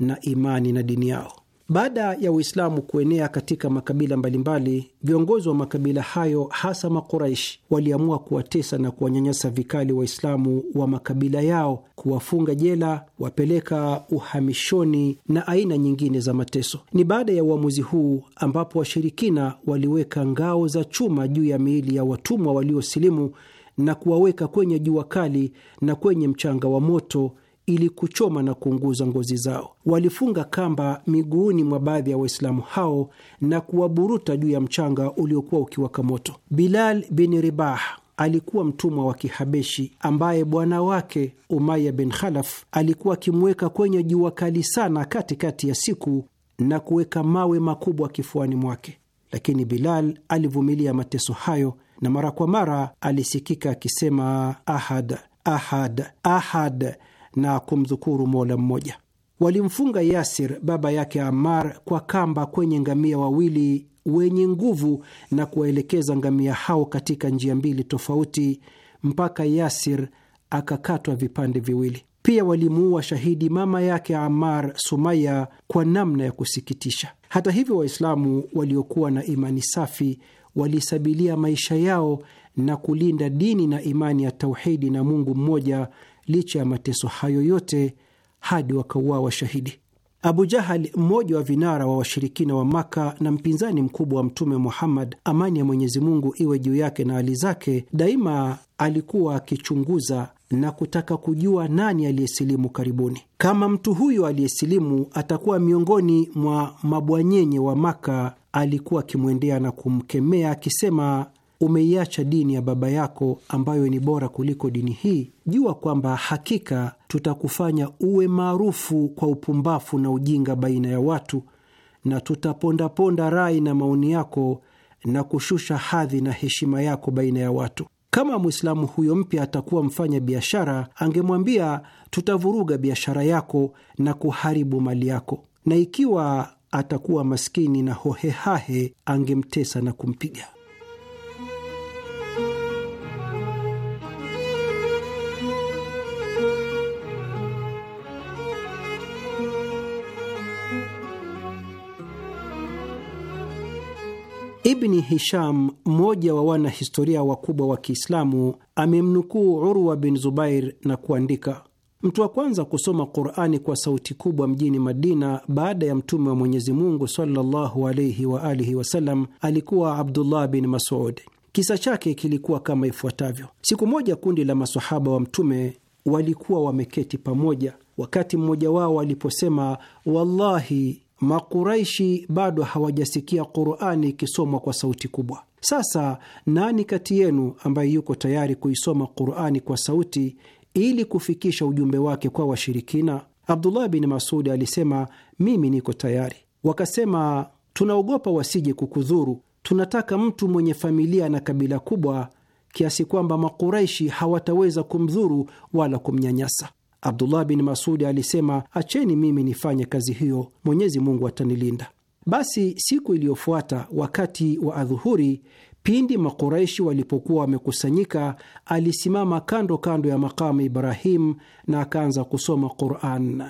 na imani na dini yao. Baada ya Uislamu kuenea katika makabila mbalimbali, viongozi wa makabila hayo, hasa Makuraishi, waliamua kuwatesa na kuwanyanyasa vikali Waislamu wa makabila yao, kuwafunga jela, wapeleka uhamishoni na aina nyingine za mateso. Ni baada ya uamuzi huu ambapo washirikina waliweka ngao za chuma juu ya miili ya watumwa waliosilimu na kuwaweka kwenye jua kali na kwenye mchanga wa moto ili kuchoma na kuunguza ngozi zao. Walifunga kamba miguuni mwa baadhi ya Waislamu hao na kuwaburuta juu ya mchanga uliokuwa ukiwaka moto. Bilal bin Ribah alikuwa mtumwa wa Kihabeshi ambaye bwana wake Umaya bin Khalaf alikuwa akimweka kwenye jua kali sana katikati ya siku na kuweka mawe makubwa kifuani mwake, lakini Bilal alivumilia mateso hayo na mara kwa mara alisikika akisema ahad, ahad, ahad na kumdhukuru Mola mmoja. Walimfunga Yasir baba yake amar kwa kamba kwenye ngamia wawili wenye nguvu na kuwaelekeza ngamia hao katika njia mbili tofauti mpaka Yasir akakatwa vipande viwili. Pia walimuua shahidi mama yake amar Sumaya, kwa namna ya kusikitisha. Hata hivyo, Waislamu waliokuwa na imani safi walisabilia maisha yao na kulinda dini na imani ya tauhidi na Mungu mmoja licha ya mateso hayo yote hadi wakauawa washahidi. Abu Jahal, mmoja wa vinara wa washirikina wa Maka na mpinzani mkubwa wa Mtume Muhammad, amani ya Mwenyezi Mungu iwe juu yake na hali zake, daima alikuwa akichunguza na kutaka kujua nani aliyesilimu karibuni. Kama mtu huyo aliyesilimu atakuwa miongoni mwa mabwanyenye wa Maka, alikuwa akimwendea na kumkemea akisema umeiacha dini ya baba yako ambayo ni bora kuliko dini hii, jua kwamba hakika tutakufanya uwe maarufu kwa upumbafu na ujinga baina ya watu, na tutapondaponda rai na maoni yako na kushusha hadhi na heshima yako baina ya watu. Kama Mwislamu huyo mpya atakuwa mfanya biashara, angemwambia tutavuruga biashara yako na kuharibu mali yako, na ikiwa atakuwa maskini na hohehahe, angemtesa na kumpiga. Ibni Hisham, mmoja wa wanahistoria wakubwa wa Kiislamu, amemnukuu Urwa bin Zubair na kuandika, mtu wa kwanza kusoma Qurani kwa sauti kubwa mjini Madina baada ya Mtume wa Mwenyezi Mungu sallallahu alaihi wa alihi wasallam alikuwa Abdullah bin Masud. Kisa chake kilikuwa kama ifuatavyo: siku moja kundi la masahaba wa Mtume walikuwa wameketi pamoja, wakati mmoja wao aliposema, wallahi Makuraishi bado hawajasikia Qurani ikisomwa kwa sauti kubwa. Sasa nani kati yenu ambaye yuko tayari kuisoma Qurani kwa sauti ili kufikisha ujumbe wake kwa washirikina? Abdullah bin Masudi alisema, mimi niko tayari. Wakasema, tunaogopa wasije kukudhuru, tunataka mtu mwenye familia na kabila kubwa kiasi kwamba Makuraishi hawataweza kumdhuru wala kumnyanyasa. Abdullah bin Masudi alisema, acheni mimi nifanye kazi hiyo, Mwenyezi Mungu atanilinda. Basi siku iliyofuata wakati wa adhuhuri, pindi Makuraishi walipokuwa wamekusanyika, alisimama kando kando ya makamu Ibrahim na akaanza kusoma Quran.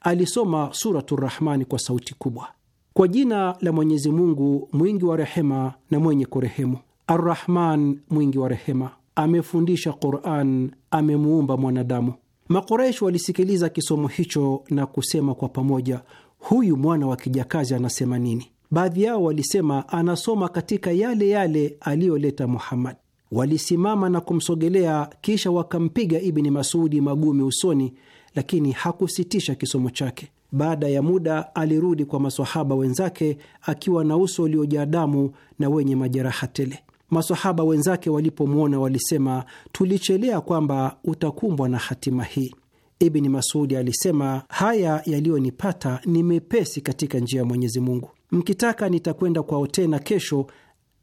Alisoma Suratu Rahmani kwa sauti kubwa, kwa jina la Mwenyezi Mungu mwingi wa rehema na mwenye kurehemu. Arrahman, mwingi wa rehema, amefundisha Quran, amemuumba mwanadamu Makuraish walisikiliza kisomo hicho na kusema kwa pamoja, huyu mwana wa kijakazi anasema nini? Baadhi yao walisema anasoma katika yale yale aliyoleta Muhammad. Walisimama na kumsogelea, kisha wakampiga Ibni Masudi magumi usoni, lakini hakusitisha kisomo chake. Baada ya muda alirudi kwa masahaba wenzake akiwa na uso uliojaa damu na wenye majeraha tele. Masahaba wenzake walipomwona walisema, tulichelea kwamba utakumbwa na hatima hii. Ibni Masudi alisema, haya yaliyonipata ni mepesi katika njia ya Mwenyezi Mungu. Mkitaka nitakwenda kwao tena kesho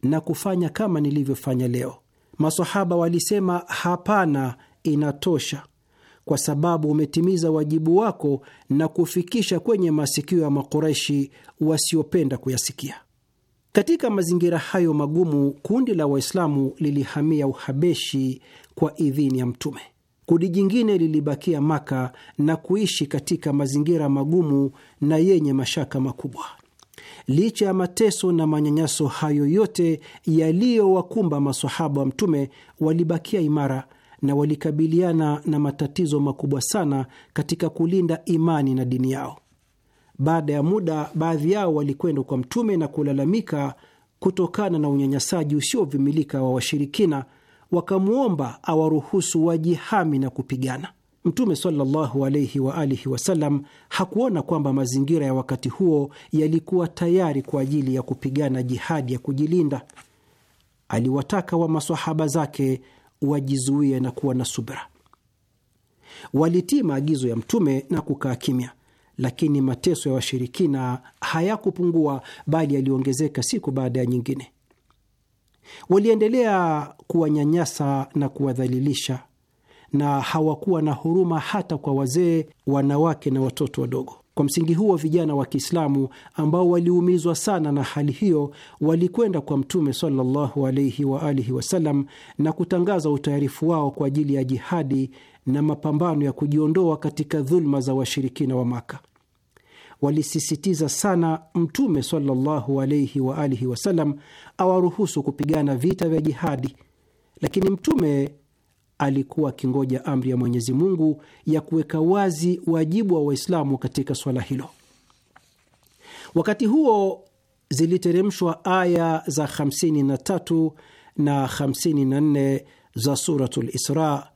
na kufanya kama nilivyofanya leo. Masahaba walisema, hapana, inatosha, kwa sababu umetimiza wajibu wako na kufikisha kwenye masikio ya Makureshi wasiopenda kuyasikia. Katika mazingira hayo magumu, kundi la Waislamu lilihamia Uhabeshi kwa idhini ya Mtume. Kundi jingine lilibakia Maka na kuishi katika mazingira magumu na yenye mashaka makubwa. Licha ya mateso na manyanyaso hayo yote yaliyowakumba masahaba wa Mtume, walibakia imara na walikabiliana na matatizo makubwa sana katika kulinda imani na dini yao. Baada ya muda, baadhi yao walikwenda kwa Mtume na kulalamika kutokana na unyanyasaji usiovimilika wa washirikina, wakamwomba awaruhusu wajihami na kupigana. Mtume sallallahu alayhi wa alihi wasallam hakuona kwamba mazingira ya wakati huo yalikuwa tayari kwa ajili ya kupigana jihadi ya kujilinda. Aliwataka wa masahaba zake wajizuie na kuwa na subra. Walitii maagizo ya Mtume na kukaa kimya lakini mateso ya washirikina hayakupungua, bali yaliongezeka siku baada ya nyingine. Waliendelea kuwanyanyasa na kuwadhalilisha, na hawakuwa na huruma hata kwa wazee, wanawake na watoto wadogo. Kwa msingi huo, vijana wa Kiislamu ambao waliumizwa sana na hali hiyo walikwenda kwa Mtume sallallahu alaihi wa alihi wasallam na kutangaza utayarifu wao kwa ajili ya jihadi na mapambano ya kujiondoa katika dhuluma za washirikina wa Maka walisisitiza sana Mtume sallallahu wa alihi wasallam awaruhusu kupigana vita vya jihadi, lakini Mtume alikuwa akingoja amri ya Mwenyezi Mungu ya kuweka wazi wajibu wa Waislamu katika swala hilo. Wakati huo ziliteremshwa aya za 53 na 54 za Suratul Isra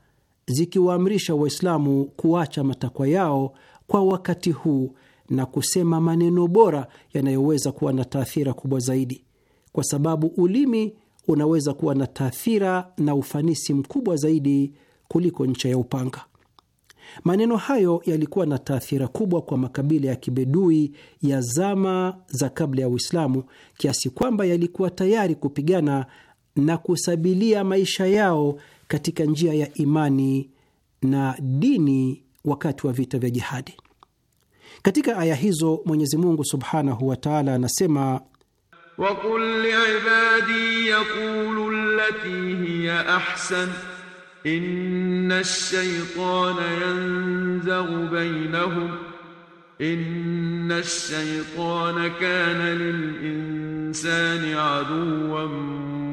zikiwaamrisha Waislamu kuacha matakwa yao kwa wakati huu na kusema maneno bora yanayoweza kuwa na taathira kubwa zaidi, kwa sababu ulimi unaweza kuwa na taathira na ufanisi mkubwa zaidi kuliko ncha ya upanga. Maneno hayo yalikuwa na taathira kubwa kwa makabila ya kibedui ya zama za kabla ya Uislamu, kiasi kwamba yalikuwa tayari kupigana na kusabilia maisha yao katika njia ya imani na dini wakati wa vita vya jihadi. Katika aya hizo Mwenyezi Mungu subhanahu wa taala anasema wakul ibadi yaqulu allati hiya ahsan inna ash-shaytana yanzaghu bainahum inna ash-shaytana kana lil insani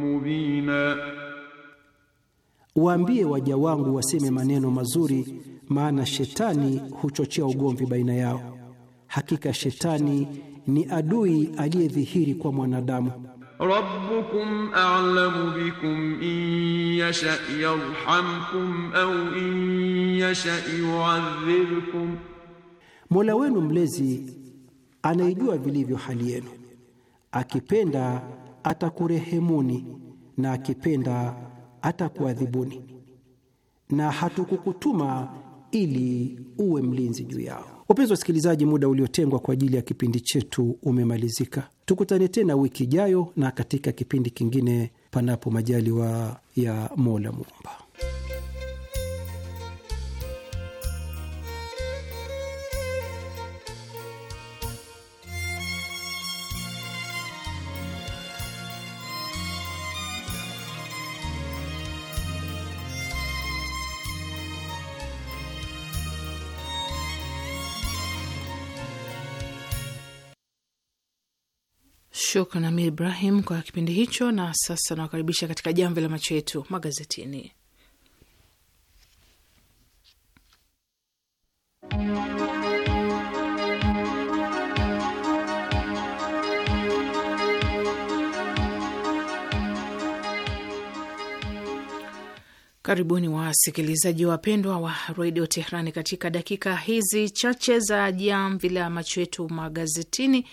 mubina, waambie waja wangu waseme maneno mazuri, maana shetani huchochea ugomvi baina yao Hakika shetani ni adui aliyedhihiri kwa mwanadamu. Rabbukum a'lamu bikum in yasha yarhamkum au in yasha yu'adhibkum, Mola wenu mlezi anaijua vilivyo hali yenu, akipenda atakurehemuni na akipenda atakuadhibuni, na hatukukutuma ili uwe mlinzi juu yao. Wapenzi wasikilizaji, muda uliotengwa kwa ajili ya kipindi chetu umemalizika. Tukutane tena wiki ijayo na katika kipindi kingine, panapo majaliwa ya Mola Muumba. Shukran Amir Ibrahim kwa kipindi hicho, na sasa nawakaribisha katika jamvi la macho yetu magazetini. Karibuni wasikilizaji wapendwa wa, wa redio Teherani katika dakika hizi chache za jamvi la macho yetu magazetini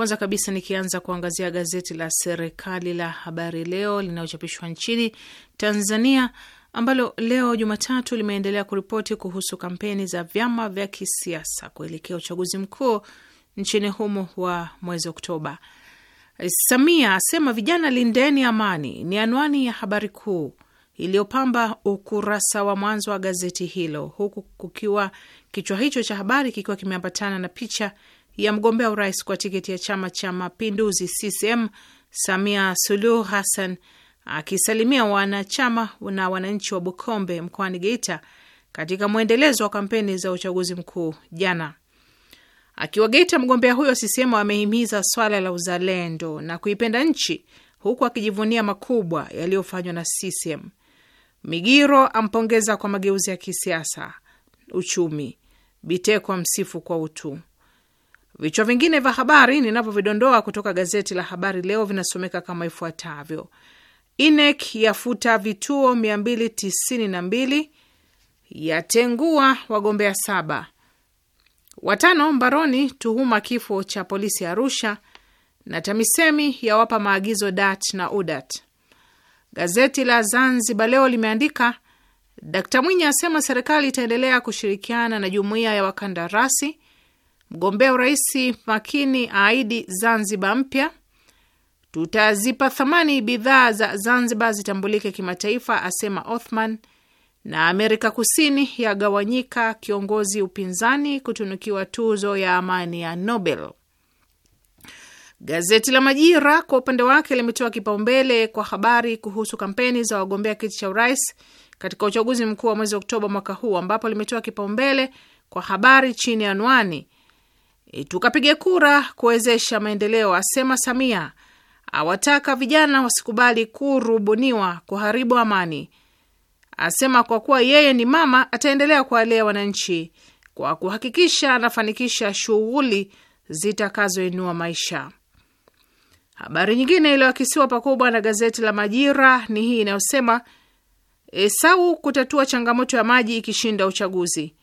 kwanza kabisa nikianza kuangazia gazeti la serikali la Habari Leo linalochapishwa nchini Tanzania, ambalo leo Jumatatu limeendelea kuripoti kuhusu kampeni za vyama vya kisiasa kuelekea uchaguzi mkuu nchini humo wa mwezi Oktoba. Samia asema vijana lindeni amani ni anwani ya habari kuu iliyopamba ukurasa wa mwanzo wa gazeti hilo, huku kukiwa kichwa hicho cha habari kikiwa kimeambatana na picha ya mgombea urais kwa tiketi ya chama cha mapinduzi CCM Samia Suluhu Hassan akisalimia wanachama na wananchi wa Bukombe mkoani Geita katika mwendelezo wa kampeni za uchaguzi mkuu jana. Akiwa Geita, mgombea huyo CCM amehimiza swala la uzalendo na kuipenda nchi huku akijivunia makubwa yaliyofanywa na CCM. Migiro ampongeza kwa mageuzi ya kisiasa, uchumi. Biteko amsifu kwa utu. Vichwa vingine vya habari ninavyovidondoa kutoka gazeti la Habari Leo vinasomeka kama ifuatavyo: INEC yafuta vituo 292 yatengua wagombea saba, watano mbaroni tuhuma kifo cha polisi Arusha, na TAMISEMI yawapa maagizo DAT na UDAT. Gazeti la Zanzibar Leo limeandika Dkt Mwinyi asema serikali itaendelea kushirikiana na jumuiya ya wakandarasi Mgombea urais makini aidi Zanzibar mpya. Tutazipa thamani bidhaa za Zanzibar zitambulike kimataifa, asema Othman. Na Amerika Kusini yagawanyika, kiongozi upinzani kutunukiwa tuzo ya amani ya Nobel. Gazeti la Majira kwa upande wake limetoa kipaumbele kwa habari kuhusu kampeni za wagombea kiti cha urais katika uchaguzi mkuu wa mwezi Oktoba mwaka huu, ambapo limetoa kipaumbele kwa habari chini ya anwani Eh, tukapige kura kuwezesha maendeleo, asema Samia. Awataka vijana wasikubali kurubuniwa kuharibu amani. Asema kwa kuwa yeye ni mama, ataendelea kuwalea wananchi kwa kuhakikisha anafanikisha shughuli zitakazoinua maisha. Habari nyingine iliyoakisiwa pakubwa na gazeti la Majira ni hii inayosema Esau eh, kutatua changamoto ya maji ikishinda uchaguzi.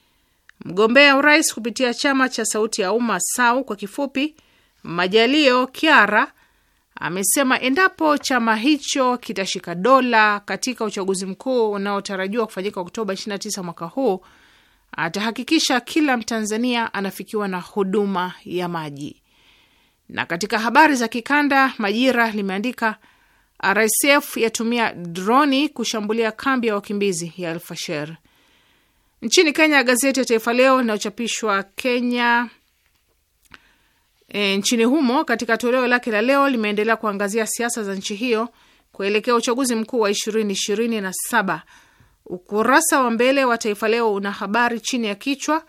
Mgombea urais kupitia chama cha Sauti ya Umma SAU kwa kifupi, Majalio Kiara amesema endapo chama hicho kitashika dola katika uchaguzi mkuu unaotarajiwa kufanyika Oktoba 29 mwaka huu, atahakikisha kila Mtanzania anafikiwa na huduma ya maji. Na katika habari za kikanda, Majira limeandika RSF yatumia droni kushambulia kambi ya wakimbizi ya Al Nchini Kenya, gazeti ya Taifa Leo inayochapishwa Kenya e, nchini humo katika toleo lake la leo limeendelea kuangazia siasa za nchi hiyo kuelekea uchaguzi mkuu wa ishirini ishirini na saba. Ukurasa wa mbele wa Taifa Leo una habari chini ya kichwa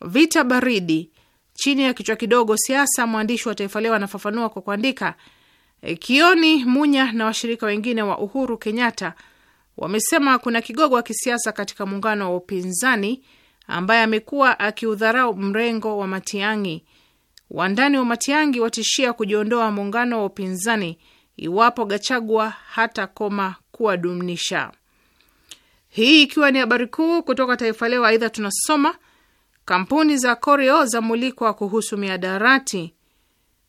vita baridi. Chini ya kichwa kidogo siasa, mwandishi wa Taifa Leo anafafanua kwa kuandika e, Kioni Munya na washirika wengine wa Uhuru Kenyatta wamesema kuna kigogo wa kisiasa katika muungano wa upinzani ambaye amekuwa akiudharau mrengo wa Matiangi. Wandani wa Matiangi watishia kujiondoa muungano wa upinzani iwapo Gachagua hata koma kuwadumnisha Hii ikiwa ni habari kuu kutoka Taifa Leo. Aidha tunasoma kampuni za koreo zamulikwa kuhusu miadarati.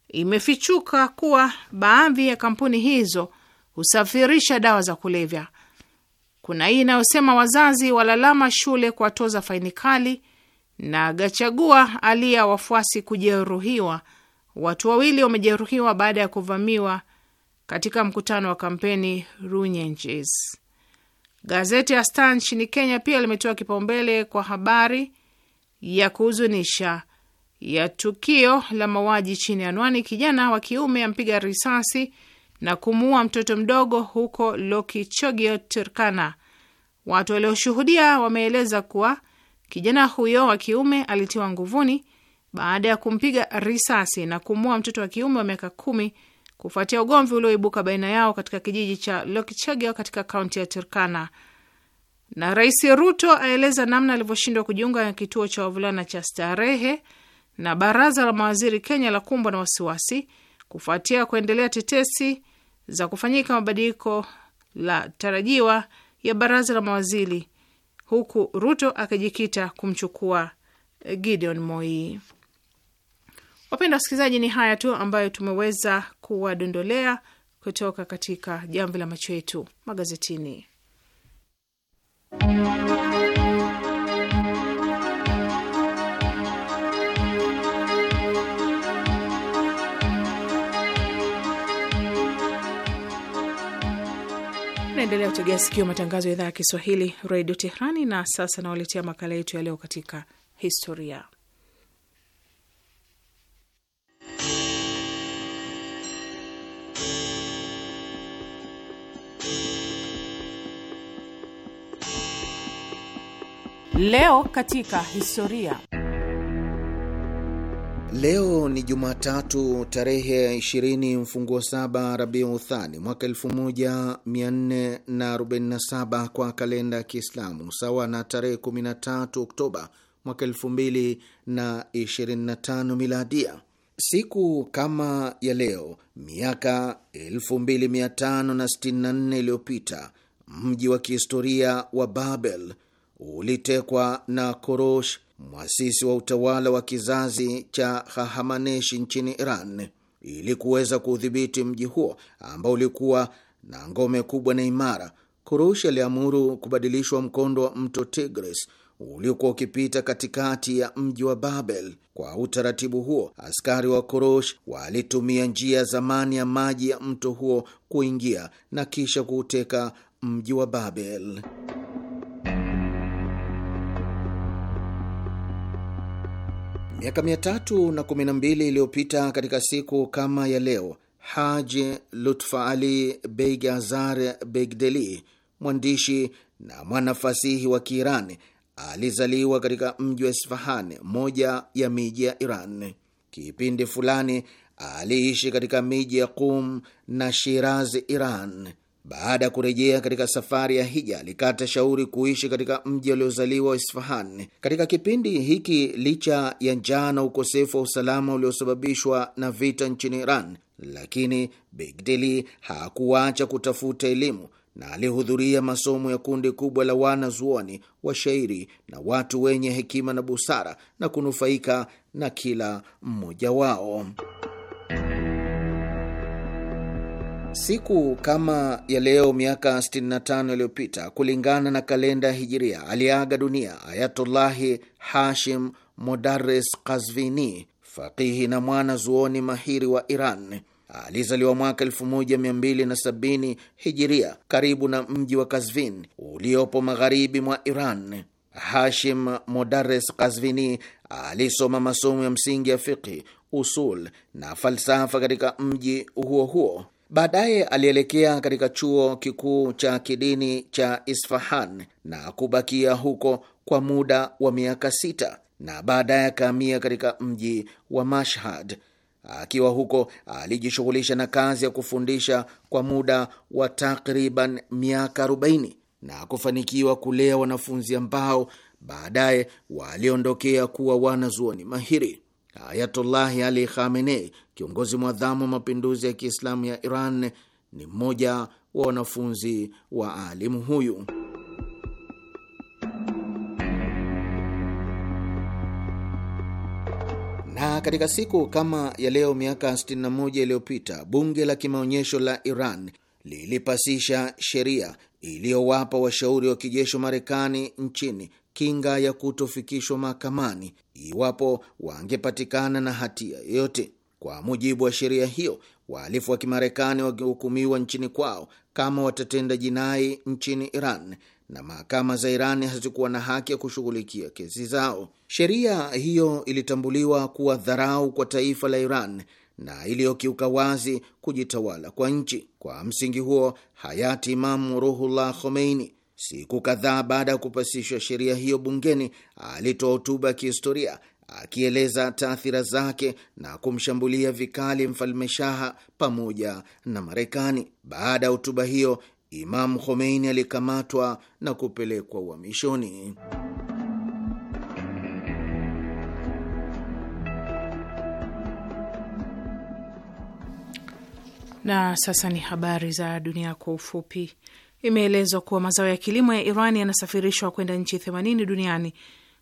Imefichuka kuwa baadhi ya kampuni hizo husafirisha dawa za kulevya kuna hii inayosema wazazi walalama shule toza faini kali, na Gachagua alia wafuasi kujeruhiwa. Watu wawili wamejeruhiwa baada ya kuvamiwa katika mkutano wa kampeni Runyenges. Gazeti ya Star nchini Kenya pia limetoa kipaumbele kwa habari ya kuhuzunisha ya tukio la mauaji chini ya anwani kijana wa kiume ampiga risasi na kumuua mtoto mdogo huko Lokichogio, Turkana. Watu walioshuhudia wameeleza kuwa kijana huyo wa kiume alitiwa nguvuni baada ya kumpiga risasi na kumuua mtoto wa kiume wa miaka kumi kufuatia ugomvi ulioibuka baina yao katika kijiji cha Lokichogio katika kaunti ya Turkana. Na Rais Ruto aeleza namna alivyoshindwa kujiunga na kituo cha wavulana cha Starehe, na baraza la mawaziri Kenya la kumbwa na wasiwasi kufuatia kuendelea tetesi za kufanyika mabadiliko la tarajiwa ya baraza la mawaziri, huku Ruto akijikita kumchukua eh, Gideon Moi. Wapenda wasikilizaji, ni haya tu ambayo tumeweza kuwadondolea kutoka katika jamvi la macho yetu magazetini. Naendelea kutegea sikio matangazo ya idhaa ya Kiswahili redio Tehrani. Na sasa nawaletea makala yetu ya leo katika historia. Leo katika historia Leo ni Jumatatu tarehe ya mfunguo saba Rabiu Thani mwaka 1447 kwa kalenda ya Kiislamu, sawa na tarehe 13 Oktoba mwaka 2025 miladia. Siku kama ya leo miaka 2564 iliyopita mji wa kihistoria wa Babel ulitekwa na Korosh mwasisi wa utawala wa kizazi cha Hahamaneshi nchini Iran, ili kuweza kuudhibiti mji huo ambao ulikuwa na ngome kubwa na imara. Kurush aliamuru kubadilishwa mkondo wa mto Tigris uliokuwa ukipita katikati ya mji wa Babel. Kwa utaratibu huo, askari wa Kurush walitumia njia zamani ya maji ya mto huo kuingia na kisha kuuteka mji wa Babel. Miaka na mbili iliyopita katika siku kama ya leo, Haji Lutfa Ali Beig Azar Begdeli, mwandishi na mwanafasihi wa Kiirani, alizaliwa katika mji wa Isfahan, moja ya miji ya Iran. Kipindi fulani aliishi katika miji ya Qum na Shiraz, Iran. Baada ya kurejea katika safari ya hija, alikata shauri kuishi katika mji aliozaliwa wa Isfahan. Katika kipindi hiki, licha ya njaa na ukosefu wa usalama uliosababishwa na vita nchini Iran, lakini Bigdili hakuacha kutafuta elimu na alihudhuria masomo ya kundi kubwa la wanazuoni, washairi na watu wenye hekima na busara na kunufaika na kila mmoja wao. Siku kama ya leo miaka 65 iliyopita kulingana na kalenda Hijiria, aliaga dunia Ayatullahi Hashim Modares Kazvini, fakihi na mwana zuoni mahiri wa Iran. Alizaliwa mwaka 1270 Hijiria karibu na mji wa Kazvin uliopo magharibi mwa Iran. Hashim Modares Kazvini alisoma masomo ya msingi ya fiqhi, usul na falsafa katika mji huo huo. Baadaye alielekea katika chuo kikuu cha kidini cha Isfahan na kubakia huko kwa muda wa miaka sita na baadaye akahamia katika mji wa Mashhad. Akiwa huko alijishughulisha na kazi ya kufundisha kwa muda wa takriban miaka 40 na kufanikiwa kulea wanafunzi ambao baadaye waliondokea kuwa wanazuoni mahiri. Ayatullahi Ali Khamenei, kiongozi mwadhamu wa mapinduzi ya Kiislamu ya Iran, ni mmoja wa wanafunzi wa alimu huyu. Na katika siku kama ya leo miaka 61 iliyopita bunge la kimaonyesho la Iran lilipasisha sheria iliyowapa washauri wa kijeshi wa Marekani nchini kinga ya kutofikishwa mahakamani iwapo wangepatikana na hatia yoyote. Kwa mujibu wa sheria hiyo, wahalifu wa Kimarekani wangehukumiwa nchini kwao kama watatenda jinai nchini Iran na mahakama za Irani hazikuwa na haki ya kushughulikia kesi zao. Sheria hiyo ilitambuliwa kuwa dharau kwa taifa la Iran na iliyokiuka wazi kujitawala kwa nchi. Kwa msingi huo, hayati Imamu Ruhullah Khomeini Siku kadhaa baada ya kupasishwa sheria hiyo bungeni, alitoa hotuba ya kihistoria akieleza taathira zake na kumshambulia vikali mfalme Shaha pamoja na Marekani. Baada ya hotuba hiyo, Imamu Khomeini alikamatwa na kupelekwa uhamishoni. Na sasa ni habari za dunia kwa ufupi. Imeelezwa kuwa mazao ya kilimo ya Iran yanasafirishwa kwenda nchi themanini duniani.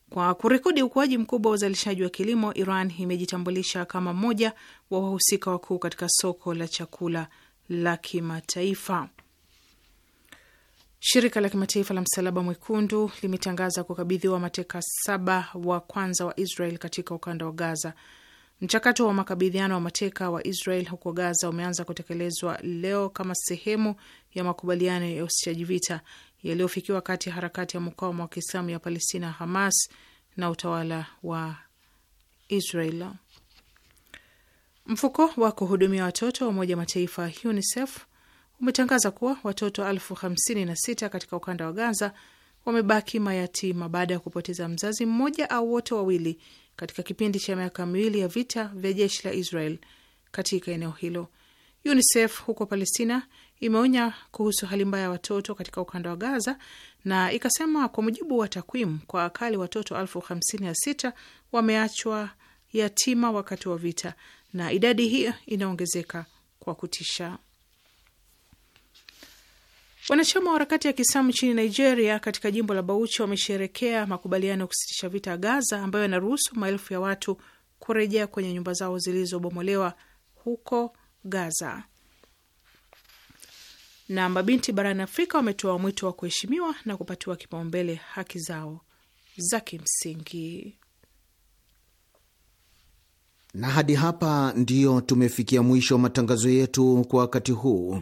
Kwa kurekodi ukuaji mkubwa wa uzalishaji wa kilimo, Iran imejitambulisha kama mmoja wa wahusika wakuu katika soko la chakula la kimataifa. Shirika la kimataifa la Msalaba Mwekundu limetangaza kukabidhiwa mateka saba wa kwanza wa Israel katika ukanda wa Gaza Mchakato wa makabidhiano wa mateka wa Israel huko Gaza umeanza kutekelezwa leo kama sehemu ya makubaliano ya usitishaji vita yaliyofikiwa kati ya harakati ya mukawama wa Kiislamu ya Palestina Hamas na utawala wa Israel. Mfuko wa kuhudumia watoto wa Umoja Mataifa UNICEF umetangaza kuwa watoto elfu hamsini na sita katika ukanda wa Gaza wamebaki mayatima baada ya kupoteza mzazi mmoja au wote wawili katika kipindi cha miaka miwili ya vita vya jeshi la Israel katika eneo hilo. UNICEF huko Palestina imeonya kuhusu hali mbaya ya watoto katika ukanda wa Gaza na ikasema, kwa mujibu wa takwimu, kwa akali watoto elfu hamsini na sita wameachwa yatima wakati wa vita, na idadi hiyo inaongezeka kwa kutisha. Wanachama wa harakati ya Kiislamu nchini Nigeria katika jimbo la Bauchi wamesherekea makubaliano ya kusitisha vita Gaza ambayo yanaruhusu maelfu ya watu kurejea kwenye nyumba zao zilizobomolewa huko Gaza. Na mabinti barani Afrika wametoa mwito wa kuheshimiwa na kupatiwa kipaumbele haki zao za kimsingi. Na hadi hapa ndiyo tumefikia mwisho wa matangazo yetu kwa wakati huu.